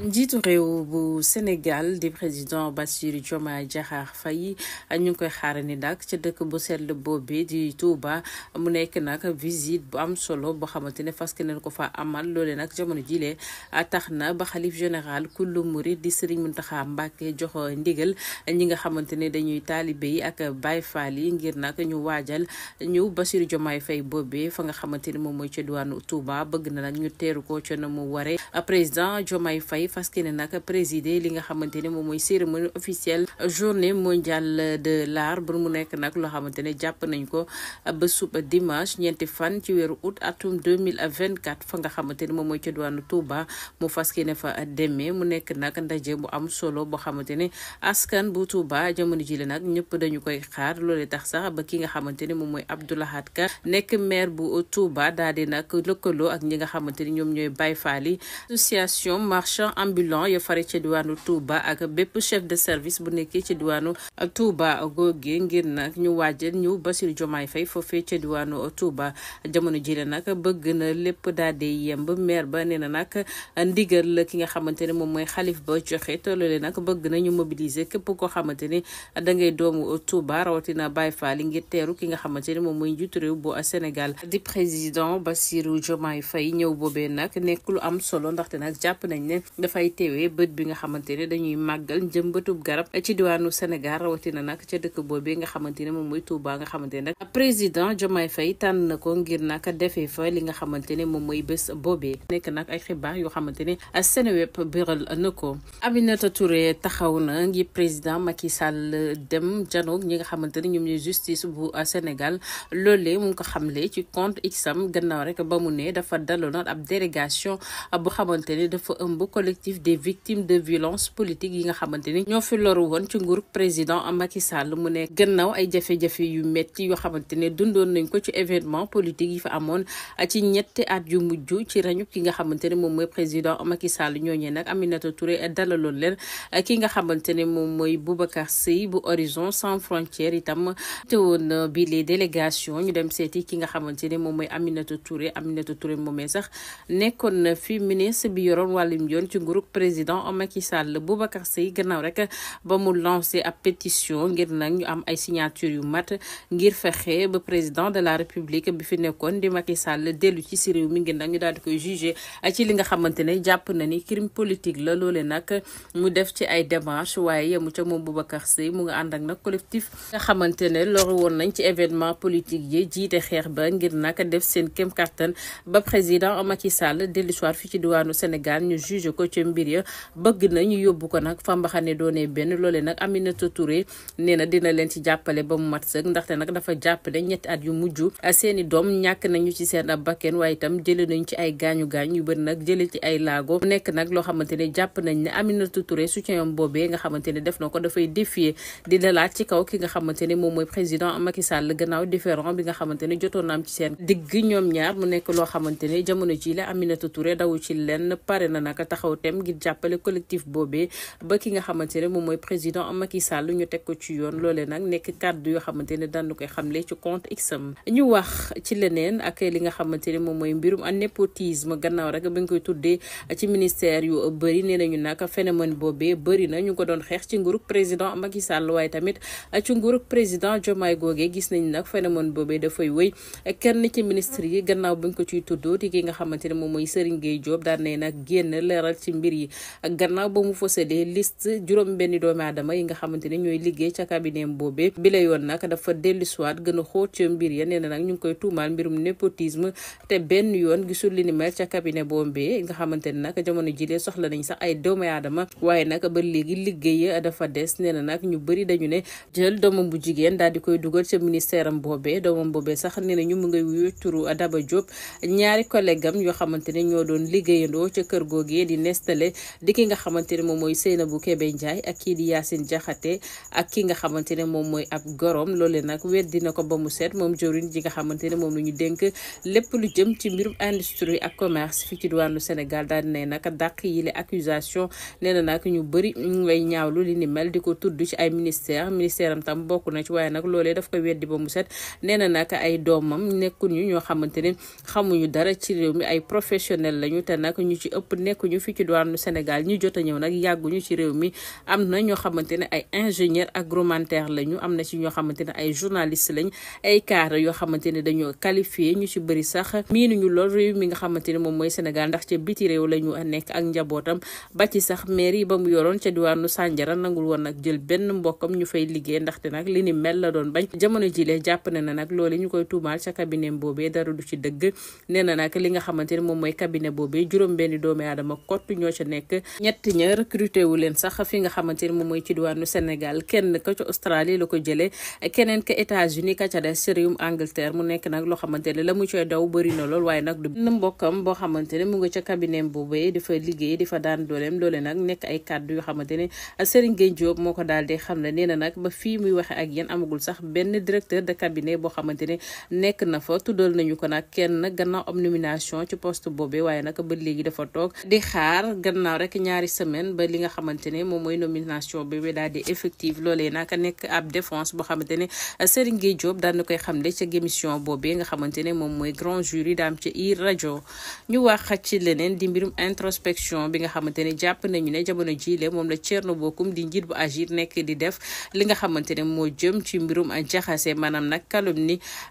njiitu réew bu Sénégal di président Bassirou Diomaye Diakhar Faye ñu ngi koy ni nag ca dëkk bu sell boobu di Touba mu nekk nag visite bu am solo boo xamante ne fas nañ ko fa amal loole nag jamono jile tax na ba xalif général kullu murid di Serigne Mountakha Mbacké jox ndigal ñi nga xamante ne dañuy taalibe yi ak Baye Fall yi ngir nag ñu waajal ñu Bassirou Diomaye Faye boobu fa nga xamante ne moom mooy ca diwaanu Touba bëgg na nag ñu teeru ko ca na mu waree président Diomaye fay Faye fas yéene nag présider li nga xamante ne moom mooy cérémonie officielle journée mondiale de l'art ba mu nekk nag loo xamante ne jàpp nañ ko ba suba dimanche ñeenti fan ci weeru août atum 2024 fa nga xamante ne moom mooy ca diwaanu Touba mu fas yéene fa demee mu nekk nag ndaje bu am solo boo xamante ne askan bu Touba jamono jile nag ñëpp dañu koy xaar loolee tax sax ba ki nga xamante ne moom mooy Abdoulahat Ka nekk maire bu Touba daal di nag lëkkaloo ak ñi nga xamante ni ñoom ñooy Baye Fall ambulant ya fare ci diwaanu Touba ak bépp chef de service bu nekkee ci diwaanu Touba googee ngir nag ñu waajal ñu Bassirou Diomaye fay foofee ci diwaanu Touba jamono jile nag bëgg na lépp daal di yemb maire ba nee na nag ndigal la ki nga xamante ne moom mooy xalif ba joxe te nag bëgg na ñu mobiliser képp koo xamante ne da ngay doomu Touba rawatina Baye Fall teeru ki nga xamante ne moom mooy njiitu bu Sénégal di président Bassirou Diomaye Faye ñëw boobe nag nekk lu am solo ndaxte nag jàpp nañ ne. dafay teewee bët bi nga xamante ne dañuy màggal njëmbatub garab ci diwaanu Sénégal rawatina nag ca dëkk boobee nga xamante moom mooy Touba nga xamante ne nag président Diomaye na ko ngir nag defee fa li nga xamante ne moom mooy bés boobee nekk nag ay xibaar yoo xamante ne Seneweb biral na ko Aminata Touré taxaw na ngi président Macky Sall dem janoog ñi nga xamante ne ñoom ñooy justice bu Sénégal loolee mu ngi ko xamle ci compte Xam gannaaw rek ba mu ne dafa daloon ab délégation bu xamante dafa ëmb collectif des victimes de violence politique yi nga xamante ni ñoo fi loru woon ci nguur président Macky Sall mu ne gannaaw ay jafe-jafe yu metti yoo xamante ne dundoon nañ ko ci événement politique yi fa amoon ci ñetti at yu mujj ci rañu ki nga xamante ne moom mooy président Macky Sall ñooñee nag Aminata Touré dalaloon leen ki nga xamante ne moom mooy Boubacar Sèye bu Horizon sans frontières itam te woon bi les délégations ñu dem seeti ki nga xamante ne moom mooy Aminata Touré Aminata Touré moomee sax nekkoon na fi ministre bi yoroon wàllum yoon nguurug président Macky Sall Boubacar Sèye gannaaw rek ba mu lancé ab pétition ngir nag ñu am ay signature yu mat ngir fexe ba président de la république bi fi nekkoon di Macky Sall dellu ci si réew mi ngir nag ñu daal di koy jugé ci li nga xamante ne jàpp na ni crime politique la loole nag mu def ci ay demanche waaye yemu ca moom Boubacar Sèye mu nga ànd ak nag collectif nga xamante ne loru woon nañ ci événement politique yi jiite xeex ba ngir nag def seen kéem ca mbir ya bëgg na ñu yóbbu ko nag fa mbaxane doonee benn loole nag Aminata Touré nee na dina leen ci jàppale ba mu mat sëg ndaxte nag dafa jàppale ñetti at yu mujj seeni doom nañu ci seen ab bakken waaye itam jële nañu ci ay gaañu gaañ yu bëri nag jële ci ay laago nekk nag loo xamante ne jàpp nañ ne Aminata Touré soutien am boobee nga xamante ne def na ko dafay défier di dalaat ci kaw ki nga xamante ne moom mooy président Macky Sall gannaaw différent bi nga xamante ne jotoon na am ci seen digg ñoom ñaar mu nekk loo xamante ne jamono ci la Aminata Touré daw ci lenn pare na naka taxaw dem ngir jàppale collectif boobee ba ki nga xamante mooy président Macky Sall ñu teg ko ci yoon loolee nag nekk kàddu yoo xamante ne daan na koy xamle ci compte Xam ñu wax ci li nga xamante ne moom mooy mbirum a népotisme gannaaw rek ba koy tuddee ci ministère yu bëri nee nañu nag phénomène boobee bëri na ñu ko doon xeex ci nguurug président Macky Sall waaye tamit ci nguurug président Diomaye googee gis nañ nag phénomène boobee dafay wëy kenn ci ministre yi gannaaw ba ñu ko ciy tudd ki nga xamante ne moom mooy Serigne Gueye Diop daan nag génn leeral ci mbir yi gannaaw ba mu fësalee liste juróom benni doomi aadama yi nga xamante ne ñooy liggéey ca cabinet boobee bi la yoon nag dafa dellusiwaat gën a xóot ca mbir ya nee na nag ñu ngi koy tuumaal mbirum népotisme te benn yoon gisul li ni mel ca cabinet boobee nga xamante ne nag jamono jilee soxla nañ sax ay doomi aadama waaye nag ba léegi liggéey dafa des nee na nag ñu bëri dañu ne jël doomam bu jigéen daal di koy dugal ca ministère am boobee doomam boobee sax nee na ñu mu ngay wuyu turu Daba Diop ñaari collègue yoo xamante ne ñoo doon liggéeyandoo ca kër googee di ne testale di ki nga xamante ne moom mooy Seynabou Kébé Ndiaye ak kii di ne moom mooy ab gorom loole nag weddi na ko ba mu set moom jorin ji nga xamante ne moom la ñu dénk lépp lu jëm ci mbirum industrie ak commerce fii ci diwaanu Sénégal daal ne nag dàq yile accusation nee na nag ñu bëri ñu way ñaawlu li ni mel di ko tudd ci ay ministère ministère am tam bokk na ci waaye nag loole daf ko weddi ba mu set nee na nag ay doomam nekkuñu ñoo xamante ne xamuñu ñu ci ëpp nekkuñu fii ci diwaanu Sénégal ñi jot a ñëw nag yàgguñu ci réew mi am na ñoo xamante ne ay ingénieur agroalimentaire lañu am na ci ñoo xamante ne ay journaliste lañ ay cadre yoo xamante ne dañoo qualifié ñu ci bëri sax miinuñu lool réew mi nga xamante ne moom mooy Sénégal ndax ca biti réew la ñu nekk ak njabootam ba ci sax mairie ba mu yoroon ca diwaanu sànjara nangul woon nag jël benn mbokkam ñu fay liggéey ndaxte nag li ni mel la doon bañ jamono jile jàpp ne na nag loole ñu koy tuumaal ca cabinet boobee dara du ci dëgg ne na nag li nga xamante ne moom mooy cabinet boobee juróom benn doomi aadama kott ñoo ca nekk ñett ña recruté wu leen sax fi nga xamante ni moom mooy ci diwaanu Sénégal kenn ka ca Australie la ko jëlee keneen ka États-Unis ka ca des réewum Angleterre mu nekk nag loo xamante ne la mu cay daw bëri na lool waaye nag du mbokkam boo xamante ne mu nga ca cabinet boobee di fa liggéey di daan dooleem loole nag nekk ay yoo xamante ne Serigne Gueye moo ko daal di xam ne nee na nag ba fii muy waxe ak yéen amagul sax benn directeur de cabinet boo xamante ne nekk na fa tuddal nañu ko nag kenn gannaaw am nomination ci poste boobee waaye nag ba léegi dafa toog di xaar xaar gannaaw rek ñaari semaine ba li nga xamante ne moom mooy nomination bébé daal di effective loolee naka nekk ab défense boo xamante ne Serigne Gueye Diop daan na koy xamle ca émission boobee nga xamante ne moom mooy grand jury daam ci i rajo ñu wax ci leneen di mbirum introspection bi nga xamante ne jàpp nañu ne jamono jiile moom la Thierno Bocoum di njiit bu agir nekk di def li nga xamante ne moo jëm ci mbirum a jaxase maanaam nag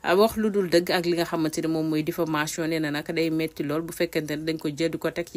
a wax lu dul dëgg ak li nga xamante ne moom mooy diffamation nee na nag day metti lool bu fekkente ne dañ ko jël di ko teg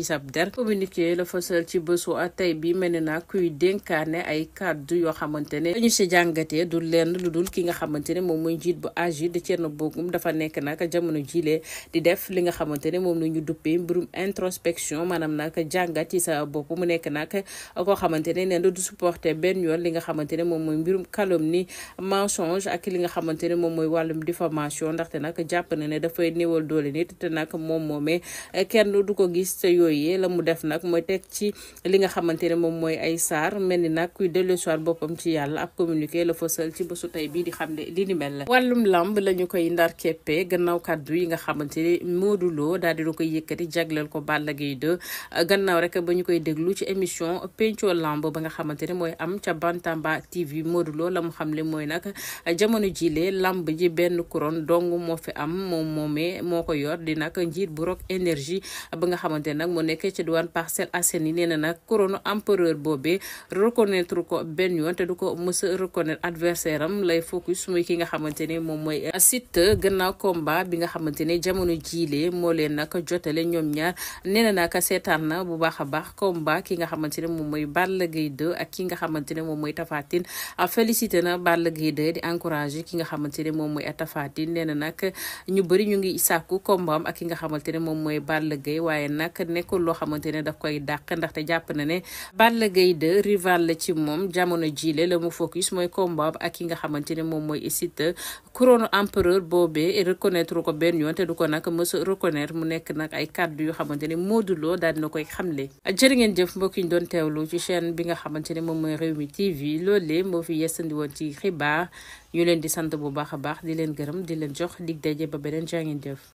communiqué la fësal ci bésu tey bi mel ni nag kuy dénkaane ay kàddu yoo xamante ne dañu si jàngatee du lenn lu dul ki nga xamante ne moom mooy njiit bu agir di Thierno Bocoum dafa nekk nag jamono jilee di def li nga xamante ne moom la ñu duppee mbirum introspection maanaam nag jàngat ci sa bopp mu nekk nag koo xamante ne nee du supporter benn yoon li nga xamante ne moom mooy mbirum calomnie mensonge ak li nga xamante ne moom mooy wàllum diffamation ndaxte nag jàpp na ne dafay néewal doole nit te nag moom moomee kenn du ko gis te yooyee la mu def nag ak mooy teg ci li nga xamante ne moom mooy ay saar mel ni nag kuy dellu soir boppam ci yàlla ab communiqué la fësal ci bésu tey bii di xam ne li ni mel la wàllum lamb la ñu koy ndar keppe gannaaw kaddu yi nga xamante ne Modou Lo daal dina koy yëkkati jagleel ko Balla Gaye 2 gannaaw rek ba ñu koy déglu ci émission penco lamb ba nga xamante ne mooy am ca Bantamba TV Modou Lo la mu xam ne mooy nag jamono jile làmb ji benn couronne dong moo fi am moom moomee moo ko yor di nag njiit bu Rock Énergie ba nga xamante nag moo nekk ci diwaan Parcelles Assainies nee na nag couronne empereur boobee reconnaître ko benn yoon te du ko mës a reconnaître adversaire am lay focus muy ki nga xamante ne moom mooy Siteu gannaaw combat bi nga xamante ne jamono jiile moo leen nag jotale ñoom ñaar nee na nag seetaan na bu baax a baax combat ki nga xamante ne moom mooy Balla Gaye 2 ak ki nga xamante ne moom mooy Tapha Tine félicité na Balla Gaye 2 ki nga xamante ne moom mooy Tapha Tine nee na ñu bëri ñu ngi sàkku combat am ak ki nga xamante ne moom mooy Balla Gaye waaye nag nekkul loo daf koy dàq ndaxte jàpp na ne la gay 2 rival la ci moom jamono jile la mu focus mooy combat ak ki nga xamante ne moom mooy Siteu couronne empereur boobee reconnaître ko benn yoon te du ko nag mës reconnaître mu nekk nag ay kàddu yu xamante ne Modou Lo daal dina koy xamle jërë ngeen jëf mbokk yi ñu doon teewlu ci chaîne bi nga xamante ne moom mooy réew Rewmi TV loolee moo fi yesandi woon ci xibaa yu leen di sant bu baax a baax di leen gërëm di leen jox dig daje ba beneen jaa ngeen jëf